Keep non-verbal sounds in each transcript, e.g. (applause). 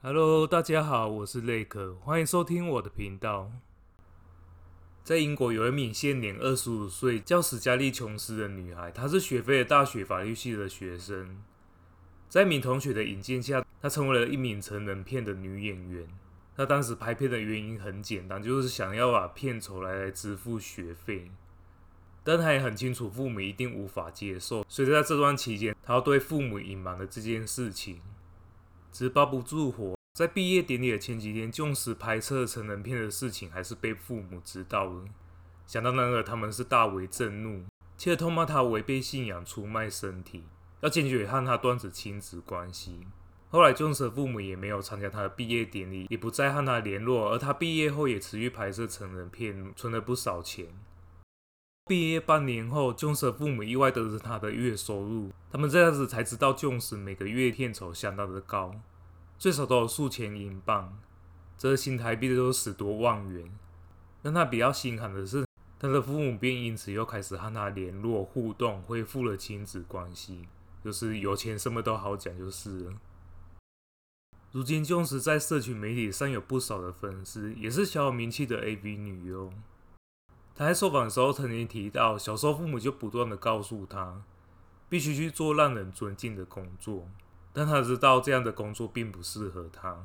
Hello，大家好，我是雷克，歡迎收聽我的頻道。在英國有一名現年二十五歲、叫史嘉麗瓊斯的女孩，她是雪菲爾大學法律系的學生。在一名同學的引薦下，她成為了一名成人片的女演員。她當時拍片的原因很簡單，就是想要把片酬來支付學費。但她也很清楚父母一定無法接受，所以在這段期間，她對父母隱瞞了這件事情。紙包不住火，在畢業典禮的前幾天，Jones 拍攝成人片的事情還是被父母知道了。想到那個，他們是大為震怒，卻痛罵他違背信仰、出賣身體，要堅決和他斷絕親子關係。後來，Jones 的父母也沒有參加他的畢業典禮，也不再和他聯絡。而他畢業後也持續拍攝成人片，存了不少錢。畢業半年後，Jones 的父母意外得知他的月收入，他們這樣子才知道 Jones 每個月片酬相當的高。最少都有數千英鎊，折新台幣都是十多萬元。讓他比較心寒的是，他的父母便因此又開始和他聯絡互動，恢復了親子關係。就是有錢什麼都好講，就是了。如今 Jones 在社群媒體上有不少的粉絲，也是小有名氣的 AV 女優，哦。他在受訪的時候曾經提到，小時候父母就不斷的告訴他，必須去做讓人尊敬的工作。但他知道這樣的工作並不適合他。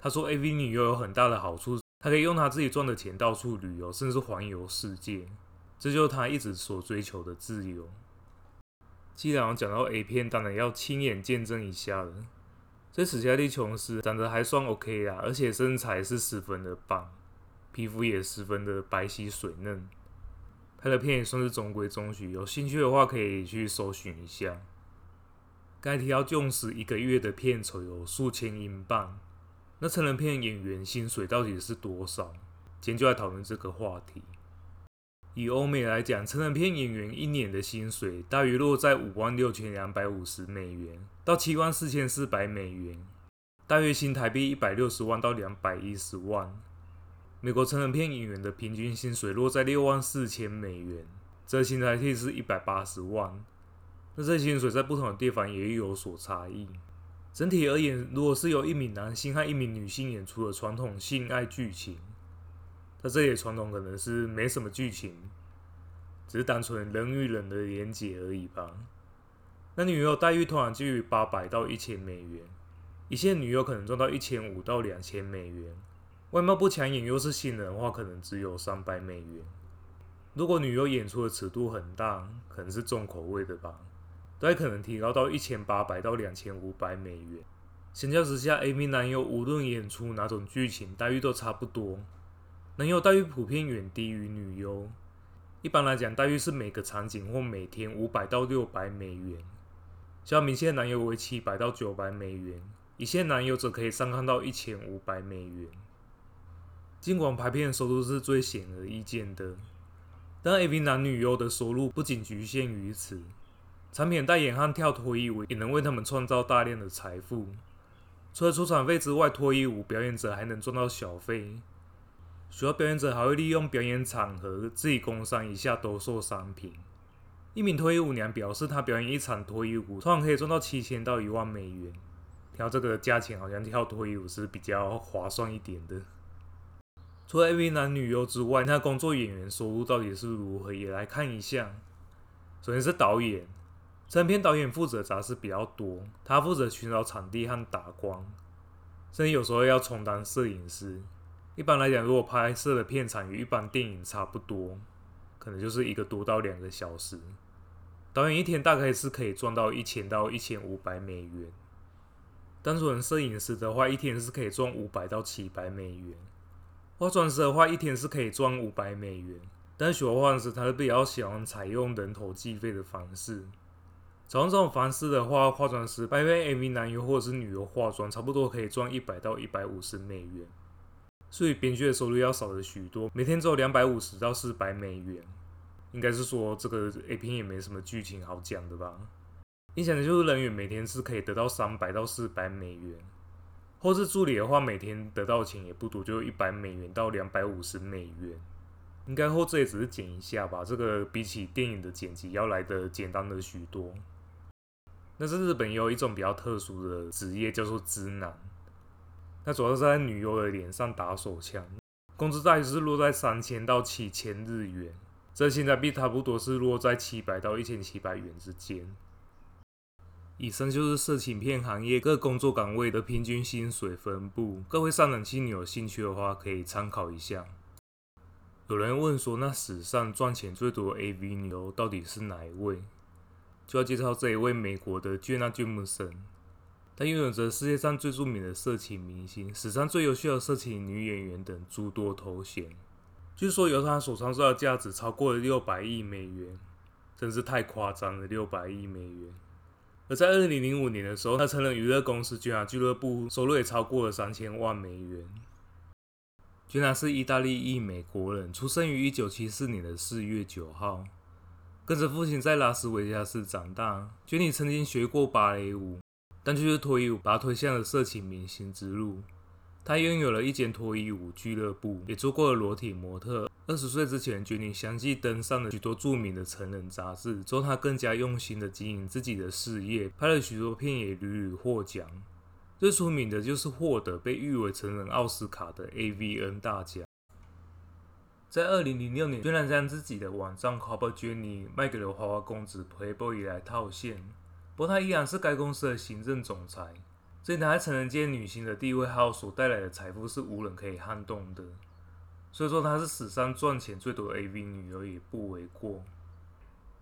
他說：“AV 女優有很大的好處，他可以用他自己賺的錢到處旅遊，甚至環遊世界。這就是他一直所追求的自由。”既然我講到 A 片，當然要親眼見證一下了。這史嘉麗瓊斯長得還算 OK 啊，而且身材是十分的棒，皮膚也十分的白皙水嫩。拍的片也算是中規中矩，有興趣的話可以去搜尋一下。該要重只一個月的片酬有數千英鎊，那成人片演員薪水到底是多少？今天就來討論這個話題。以歐美來講，成人片演員一年的薪水大約落在五萬六千兩百五十美元到七萬四千四百美元，大約新台幣一百六十萬到兩百一十萬。美國成人片演員的平均薪水落在六萬四千美元，折新台幣是一百八十萬。那這些薪水在不同的地方也有所差異。整體而言，如果是由一名男性和一名女性演出的傳統性愛劇情，那這裡的傳統可能是沒什麼劇情，只是單純人與人的連接而已吧。那女優待遇通常介於八百到一千美元，一線女優可能賺到一千五到兩千美元。外貌不搶眼又是新人的話，可能只有三百美元。如果女優演出的尺度很大，可能是重口味的吧。都可能提高到一千八百到兩千五百美元。相較之下，AV 男優無論演出哪種劇情，待遇都差不多。男優待遇普遍遠低於女優。一般來講，待遇是每個場景或每天五百到六百美元。像明星男優為七百到九百美元，一線男優則可以上看到一千五百美元。儘管排片的收入是最顯而易見的，但 AV 男女優的收入不僅侷限於此。產品代言和跳脫衣舞也能為他們創造大量的財富。除了出場費之外，脫衣舞表演者還能賺到小費。主要表演者還會利用表演場合自己工商一下，兜售商品。一名脫衣舞娘表示，她表演一場脫衣舞，通常可以賺到七千到一萬美元。然後這個價錢，好像跳脫衣舞是比較划算一點的。除了 AV 男女優之外，那工作演員收入到底是如何？也來看一下。首先是導演。成片導演負責雜事比較多，他負責尋找場地和打光，甚至有時候要充當攝影師。一般來講，如果拍攝的片長與一般電影差不多，可能就是一個多到兩個小時。導演一天大概是可以賺到一千到一千五百美元。單純攝影師的話，一天是可以賺五百到七百美元。化妝師的話，一天是可以賺五百美元。但是許多化妝師，他是比較喜歡採用人頭計費的方式。採用這種方式的話，化妝師為 AV 男優或者是女優化妝，差不多可以賺一百到一百五十美元，所以編劇的收入要少了許多，每天只有兩百五十到四百美元。應該是說這個 A 片也沒什麼劇情好講的吧？影響的就是人員每天是可以得到三百到四百美元，或是助理的話，每天得到的錢也不多，就一百美元到兩百五十美元，應該後製也只是剪一下吧？這個比起電影的剪輯要來的簡單了許多。那在日本有一種比較特殊的職業，叫做“直男”。那主要是在女優的臉上打手槍，工資待遇是落在三千到七千日元，這現在幣差不多是落在七百到一千七百元之間。以上就是色情片行業各工作崗位的平均薪水分布，各位上等仙你有興趣的話可以參考一下。有人問說，那史上賺錢最多的 AV 女優到底是哪一位？就要介紹這一位美國的 Jenna Jameson 她擁有着世界上最著名的色情明星、史上最優秀的色情女演員等諸多頭銜。據說由她所創造的價值超過了六百億美元，真是太誇張了！六百億美元。而在二零零五年的時候，她成人娛樂公司“ Jenna 俱樂部”收入也超過了三千萬美元。Jenna 是意大利裔美國人，出生於一九七四年的四月九號。跟着父親在拉斯維加斯長大，傑尼曾經學過芭蕾舞，但就是脫衣舞把他推向了色情明星之路。他擁有了一間脫衣舞俱樂部，也做過了裸體模特。二十歲之前，傑尼相繼登上了許多著名的成人雜誌。之後，他更加用心的經營自己的事業，拍了許多片，也屢屢獲獎。最出名的就是獲得被譽為成人奧斯卡的 AVN 大獎。在二零零六年，居然將自己的網站 Club Jenna 賣給了花花公子，Playboy 以來套現。不過他依然是該公司的行政總裁。所以他在成人界女星的地位和所帶來的財富是無人可以撼動的，所以說他是史上賺錢最多的 AV 女優也不為過。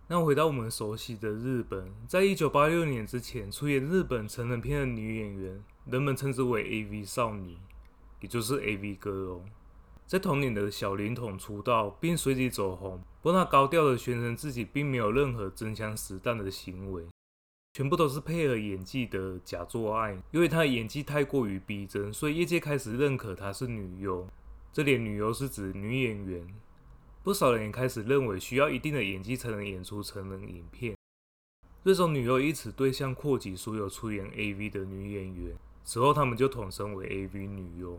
那回到我們熟悉的日本，在一九八六年之前，出演日本成人片的女演員，人們稱之為 AV 少女，也就是 AV Girl、哦。在同年的小林瞳出道，並隨即走紅。不過他高調地宣稱自己並沒有任何真槍實彈的行為，全部都是配合演技的假做愛。因為他的演技太過於逼真，所以業界開始認可他是女優。這裡的女優是指女演員，不少人也開始認為需要一定的演技才能演出成人影片。最終女優一詞對象擴及所有出演 AV 的女演員，此後他們就統稱為 AV 女優。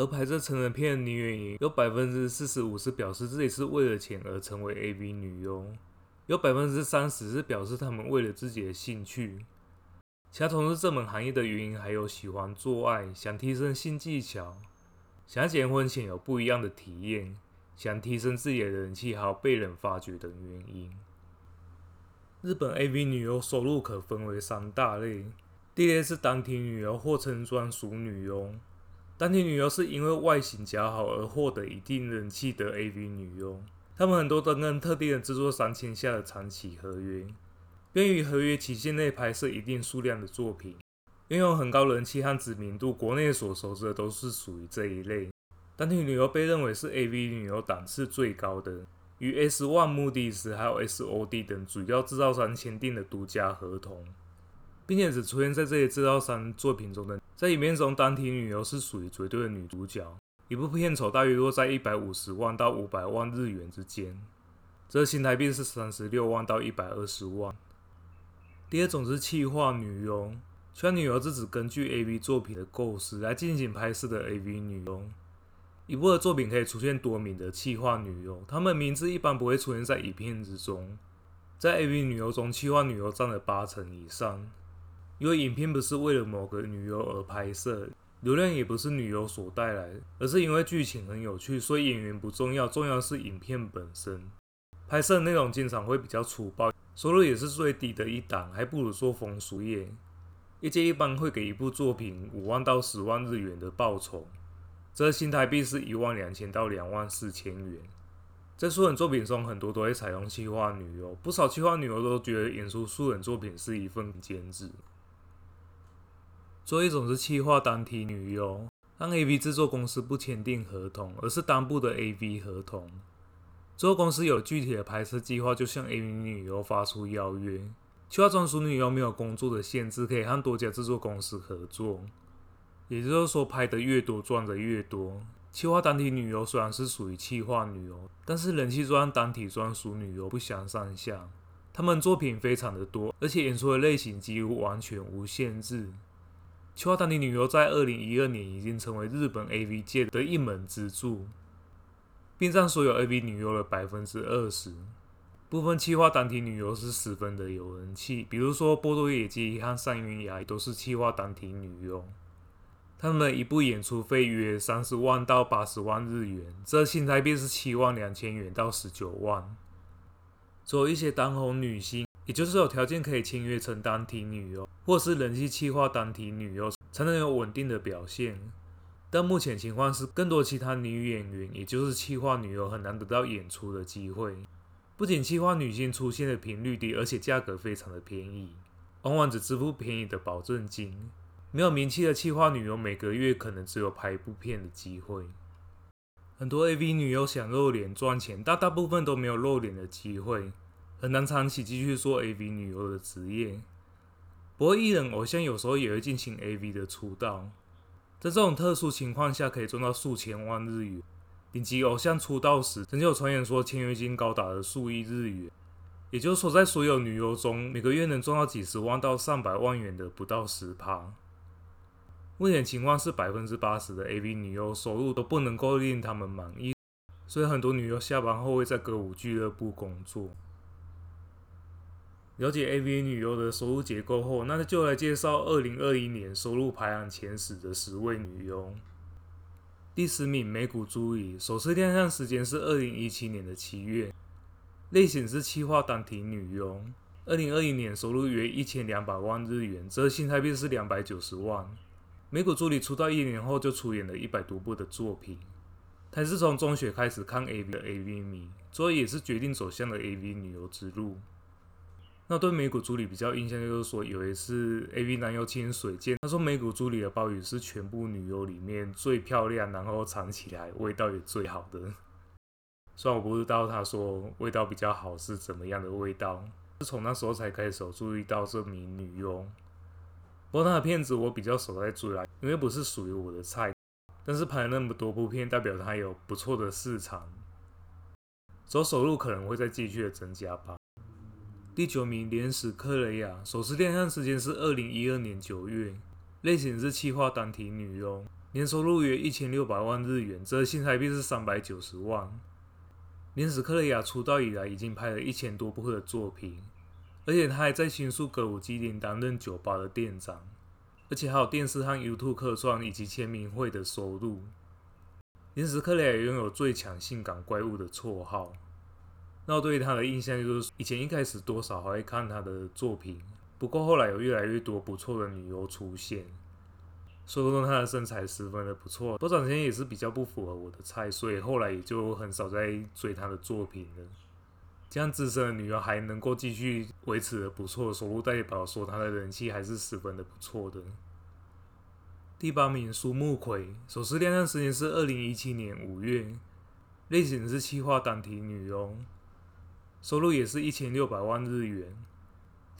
而拍攝成人片的女演員有45，有百分之四十五是表示自己是為了錢而成為 AV 女優，有百分之三十是表示他們為了自己的興趣。想從事這門行業的原因，還有喜歡做愛、想提升性技巧、想結婚前有不一樣的體驗、想提升自己的人氣、還有被人發掘等原因。日本 AV 女優收入可分為三大類，第一類是單體女優，或稱專屬女優。單體女優是因為外形姣好而獲得一定人氣的 AV 女優，她們很多都跟特定的製作商簽下了長期合約，並於合約期限內拍攝一定數量的作品。擁有很高人氣和知名度，國內所熟知的都是屬於這一類。單體女優被認為是 AV 女優檔次最高的，與 S One、目的時還有 SOD 等主要製造商簽訂了獨家合同。並且只出現在這些制造商作品中的，在影片中單體女優是屬於絕對的女主角，一部片酬大約落在一百五十萬到五百萬日元之間，這新台幣是三十六萬到一百二十萬。第二種是企劃女優，企劃女優是指根據 AV 作品的構思來進行拍攝的 AV 女優，一部的作品可以出現多名的企劃女優，她們名字一般不會出現在影片之中，在 AV 女優中企劃女優占了八成以上。因為影片不是為了某個女優而拍攝，流量也不是女優所帶來，而是因為劇情很有趣，所以演員不重要，重要是影片本身。拍攝內容經常會比較粗暴，收入也是最低的一檔，還不如做風俗業。業界一般會給一部作品五萬到十萬日元的報酬，即新台幣是一萬兩千到兩萬四千元。在素人作品中，很多都會採用企劃女優，不少企劃女優都覺得演出素人作品是一份兼職。最後一種是企劃單體女優，讓 AV 製作公司不簽訂合同，而是單部的 AV 合同。製作公司有具體的拍攝計劃，就向 AV 女優發出邀約。企劃專屬女優沒有工作的限制，可以和多家製作公司合作。也就是說，拍得越多，賺得越多。企劃單體女優雖然是屬於企劃女優，但是人氣專單體專屬女優不相上下。她們作品非常的多，而且演出的類型幾乎完全無限制。企劃單體女優在二零一二年已經成為日本 AV 界的一門支柱，並占所有 AV 女優的百分之二十。部分企劃單體女優是十分的有人氣，比如說波多野結衣和上雲雅都是企劃單體女優。她們一部演出費約三十萬到八十萬日元，這現在便是七萬兩千元到十九萬。作為一些當紅女星。也就是有條件可以簽約成單體女優，或是人氣企劃單體女優，才能有穩定的表現。但目前情況是，更多其他女演員，也就是企劃女優，很難得到演出的機會。不僅企劃女星出現的頻率低，而且價格非常的便宜，往往、哦、只支付便宜的保證金。沒有名氣的企劃女優，每個月可能只有拍一部片的機會。很多 AV 女優想露臉賺錢，但大，大部分都沒有露臉的機會。很難長期繼續做 AV 女優的職業，不過藝人偶像有時候也會進行 AV 的出道，在這種特殊情況下可以賺到數千萬日元。頂級偶像出道時，曾經有傳言說簽約金高達了數億日元。也就是說，在所有女優中，每個月能賺到幾十萬到上百萬元的不到十趴。目前情況是百分之八十的 AV 女優收入都不能夠令他們滿意，所以很多女優下班後會在歌舞俱樂部工作。了解 AV 女優的收入結構後，那就來介紹2021年收入排行前十的十位女優。第十名：美谷朱裡，首次亮相時間是2017年的七月，類型是企劃單體女優。2021年收入約一千兩百萬日元，折合新台幣是兩百九十萬。美谷朱裡出道一年後就出演了一百多部的作品。她是從中學開始看 AV 的 AV 迷，所以也是決定走向了 AV 女優之路。那對美谷朱里比較印象就是說有一次 AV 男優清水健，他說美谷朱里的鮑魚是全部女優裡面最漂亮，然後嚐起來味道也最好的。雖然我不知道他說味道比較好是怎麼樣的味道，是從那時候才開始我注意到這名女優。不過他的片子我比較少在追啦，因為不是屬於我的菜。但是拍了那麼多部片，代表他有不錯的市場，所以收入可能會再繼續的增加吧。第九名蓮史克雷亞，首次亮相時間是二零一二年九月，類型是企劃單體女優，年收入約一千六百萬日元，折新台幣是三百九十萬。蓮史克雷亞出道以來已經拍了一千多部的作品，而且她還在新宿歌舞伎町擔任酒吧的店長，而且還有電視和 YouTube 客串以及簽名會的收入。蓮史克雷亞擁有最強性感怪物的綽號。那對他的印象就是，以前一開始多少還會看他的作品，不過後來有越來越多不錯的女優出現，說說她的身材十分的不錯，多長時間也是比較不符合我的菜，所以後來也就很少在追她的作品了。這樣資深的女優還能夠繼續維持的不錯，收入，代表說她的人氣還是十分的不錯的。第八名蘇木葵，首次亮相時間是二零一七年五月，類型是企劃單體女優。收入也是一千六百萬日元。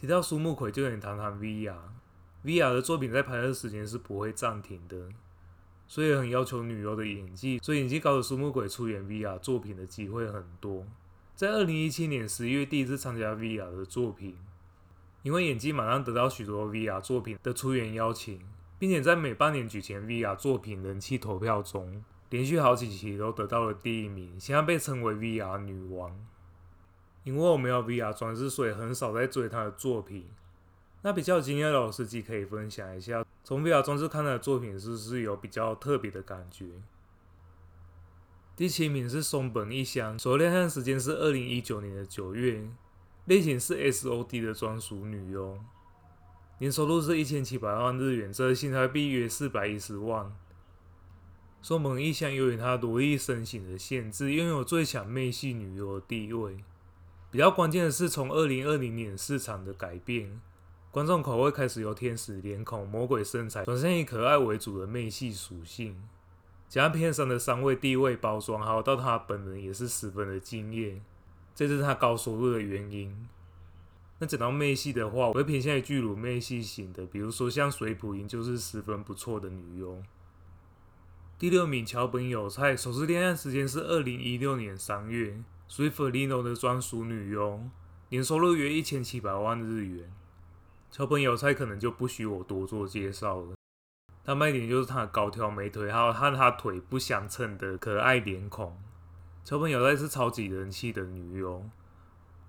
提到蘇木鬼，就先談談 V R。V R 的作品在拍攝時間是不會暫停的，所以很要求女優的演技。所以演技高的蘇木鬼出演 V R 作品的機會很多。在二零一七年十一月，第一次參加 V R 的作品，因為演技馬上得到許多 V R 作品的出演邀請，並且在每半年舉行 V R 作品人氣投票中，連續好幾期都得到了第一名，現在被稱為 V R 女王。因為我沒有 VR 裝置，所以很少在追他的作品。那比較有經驗的老司機可以分享一下，從 VR 裝置看他的作品是不是有比較特別的感覺？第七名是松本一香，首度亮相時間是二零一九年的九月，類型是 SOD 的專屬女優，年收入是一千七百萬日元，折合新台幣約四百一十萬。松本一香由於她蘿莉身形的限制，擁有最強妹系女優的地位。比較關鍵的是，從二零二零年市場的改變，觀眾口味開始由天使臉孔、魔鬼身材，轉向以可愛為主的媚系屬性。加片上的三位地位包裝，還有到他本人也是十分的驚艷，這是他高收入的原因。那講到媚系的話，我會偏向於巨乳媚系型的，比如說像水普音就是十分不錯的女優。第六名橋本有菜，首次戀愛時間是二零一六年三月。所以，菲利諾的專屬女優，年收入約一千七百萬日元。橋本有菜可能就不需我多做介紹了。她賣點就是她高挑美腿，還有和她腿不相稱的可愛臉孔。橋本有菜是超級人氣的女優。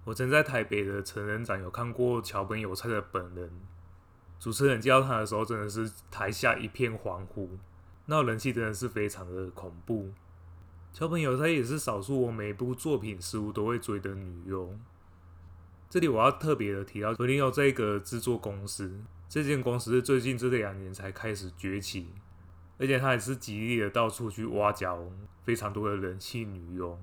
我曾在台北的成人展有看過橋本有菜的本人，主持人叫她的時候，真的是台下一片歡呼，那人氣真的是非常的恐怖。小朋友她也是少數我每部作品似乎都會追的女優。這裡我要特別的提到，弗利諾這個製作公司，這間公司是最近這兩年才開始崛起，而且它也是極力的到處去挖角非常多的人氣女優，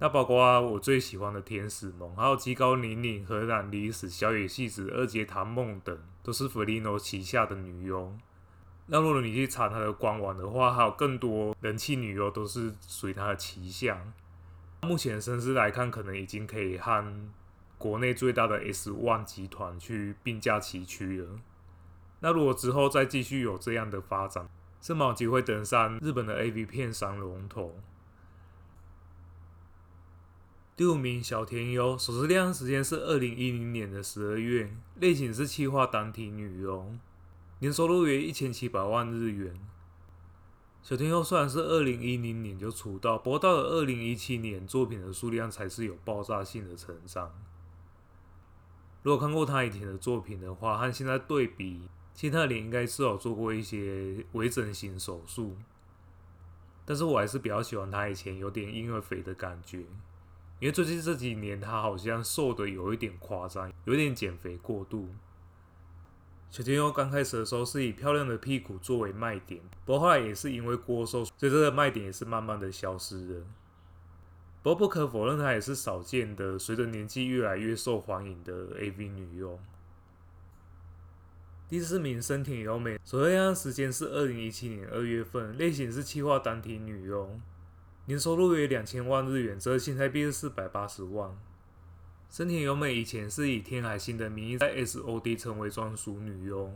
那包括、啊、我最喜歡的天使夢，還有吉高寧寧，荷蘭歷史、小野戲子、二階堂夢等，都是弗利諾旗下的女優。那如果你去查它的官網的話，還有更多人氣女優都是屬於它的旗下。目前的身世來看，可能已經可以和國內最大的 S1 集團去並駕齊驅了。那如果之後再繼續有這樣的發展，是否有機會登上日本的 AV 片商龍頭？第五名小田優首次亮相時間是二零一零年的十二月，類型是企劃單體女優。年收入約一千七百萬日元。小天后雖然是二零一零年就出道，不過到了二零一七年，作品的數量才是有爆炸性的成長。如果看過他以前的作品的話，和現在對比，其實他的臉應該是有做過一些微整形手術。但是我還是比較喜歡他以前有點嬰兒肥的感覺，因為最近這幾年他好像瘦的有一點誇張，有一點減肥過度。小天優剛開始的時候是以漂亮的屁股作為賣點，不過後來也是因為過瘦，所以這個賣點也是慢慢的消失了。不過不可否認，她也是少見的隨着年紀越來越受歡迎的 AV 女優。第四名身體優美，所對應時間是二零一七年二月份，類型是企劃單體女優，年收入約兩千萬日元，折新台幣是四百八十萬。森田由美以前是以天海星的名義在 SOD 成為專屬女優。哦，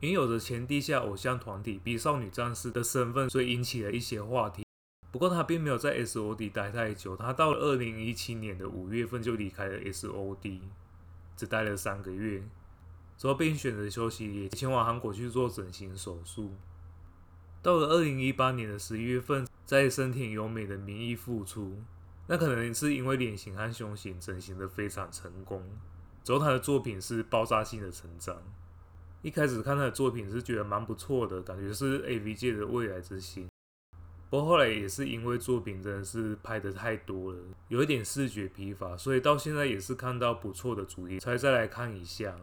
因有着前地下偶像團體比少女戰士的身份，所以引起了一些話題。不過她並沒有在 SOD 待太久，她到了2017年的5月份就離開了 SOD，只待了三個月，之後便選擇休息，也前往韓國去做整形手術。到了2018年的11月份，在森田由美的名義復出。那可能是因為臉型和胸型整形的非常成功，之後他的作品是爆炸性的成長。一開始看他的作品是覺得蠻不錯的，感覺是 AV 界的未來之星。不過後來也是因為作品真的是拍的太多了，有一點視覺疲乏，所以到現在也是看到不錯的主題才再來看一下。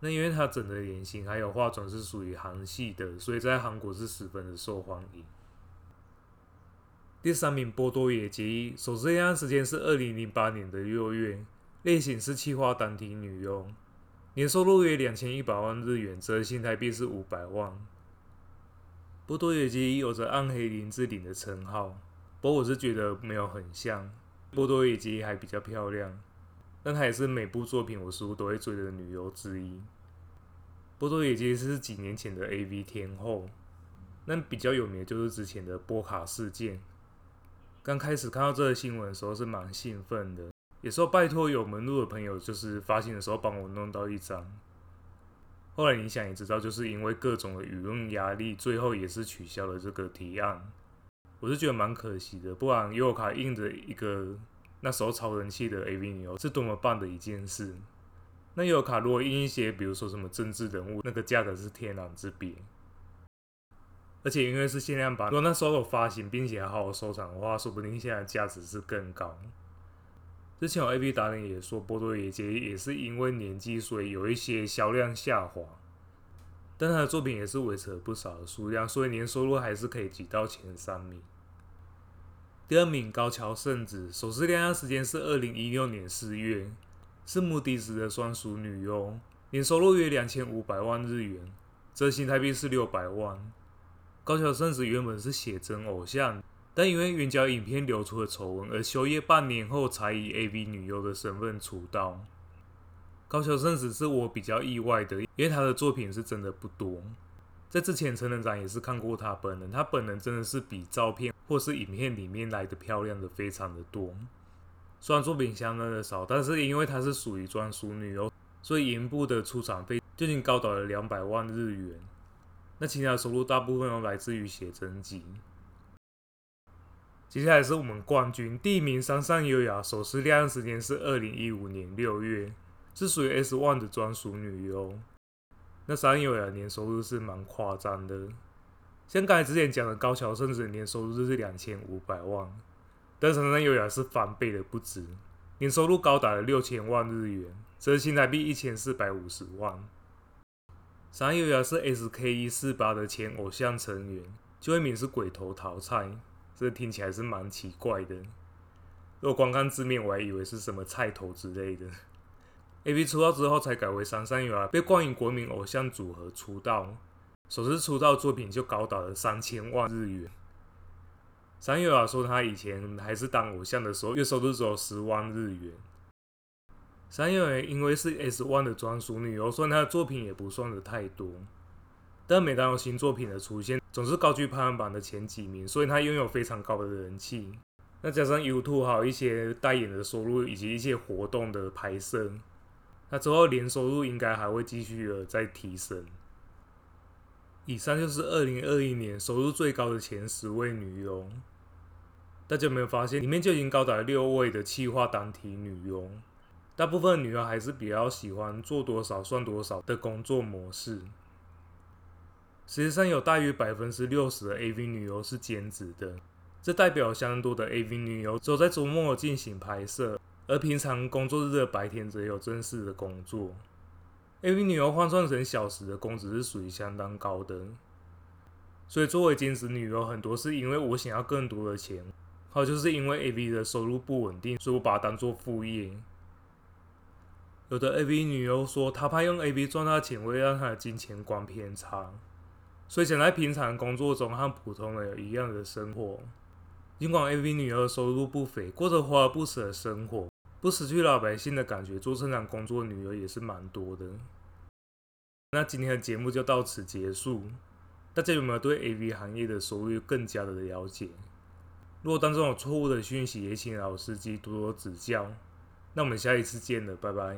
那因為他整的臉型還有化妝是屬於韓系的，所以在韓國是十分的受歡迎。第三名波多野結衣，首次亮相時間是二零零八年的六月，類型是企劃單體女優，年收入約兩千一百萬日元，折合新台幣是五百萬。波多野結衣有着“暗黑林志玲”的稱號，不過我是覺得沒有很像。波多野結衣還比較漂亮，但她也是每部作品我似乎都會追的女優之一。波多野結衣是幾年前的 AV 天後，但比較有名的，就是之前的波卡事件。剛開始看到這個新聞的時候是蠻興奮的，也說拜托有門路的朋友，就是發行的時候幫我弄到一張。後來你想也知道，就是因為各種輿論壓力，最後也是取消了這個提案。我是覺得蠻可惜的，不然悠遊卡印的一個那時候超人氣的 A.V. 女優是多麼棒的一件事。那悠遊卡如果印一些，比如說什麼政治人物，那個價格是天壤之別。而且因為是限量版，如果那時候有發行，並且好好收藏的話，說不定現在價值是更高。之前我 AV 達人也說，波多野結衣也是因為年紀，所以有一些銷量下滑，但他的作品也是維持了不少的數量，所以年收入還是可以擠到前三名。第二名高橋聖子，首次亮相時間是二零一六年四月，是穆迪斯的專屬女優，年收入約兩千五百萬日元，折新台幣是六百萬。高橋聖子原本是寫真偶像，但因為原角影片流出的醜聞而休業半年後，才以 AV 女優的身份出道。高橋聖子是我比較意外的，因為她的作品是真的不多。在之前，成人展也是看過她本人，她本人真的是比照片或是影片裡面來得漂亮的非常的多。雖然作品相當的少，但是因為她是屬於專屬女優，所以銀部的出場費就已經高到了兩百萬日元。那其他的收入大部分都來自於寫真集。接下來是我們冠軍第一名三上悠亞，首次亮相時間是二零一五年六月，是屬於 S ONE 的專屬女優。那三上悠亞年收入是蠻誇張的，像剛才之前講的高橋，甚至年收入就是兩千五百萬，但三上悠亞是翻倍的不止，年收入高達了六千萬日元，折成新台幣一千四百五十萬。三上悠亞是 SKE48 的前偶像成員，舊藝名是鬼頭桃菜。這聽起來是蠻奇怪的，如果光看字面，我還以為是什麼菜頭之類的。 (laughs) AV 出道之後才改為三上悠亞，被冠以國民偶像組合出道，首次出道作品就高達了三千萬日元。三上悠亞說，他以前還是當偶像的時候，月收入只有十萬日元。三葉因為是 S1 的專屬女優，所以她的作品也不算的太多，但每當有新作品的出現，總是高居排行榜的前幾名，所以她擁有非常高的人氣。那加上 YouTube 還有一些代言的收入以及一些活動的拍攝，那之後年收入應該還會繼續的在提升。以上就是二零二一年收入最高的前十位女優。大家有沒有發現，裡面就已經高達了六位的企劃單體女優。大部分的女優還是比較喜歡做多少算多少的工作模式。實際上有大約百分之六十的 AV 女優是兼職的，這代表相當多的 AV 女優只有在周末進行拍攝，而平常工作日的白天則有正式的工作。AV 女優換算成小時的工資是屬於相當高的，所以作為兼職女優，很多是因為我想要更多的錢，還有就是因為 AV 的收入不穩定，所以我把它當做副業。有的 AV 女優說，她怕用 AV 賺到錢會讓她的金錢觀偏差，所以想在平常工作中和普通人有一樣的生活。儘管 AV 女優收入不菲，過着花而不實的生活，不失去老百姓的感覺，做正常工作的女優也是蠻多的。那今天的節目就到此結束，大家有沒有對 AV 行業的收入更加的了解？如果當中有錯誤的訊息，也請老司機多多指教。那我們下一次見了，拜拜。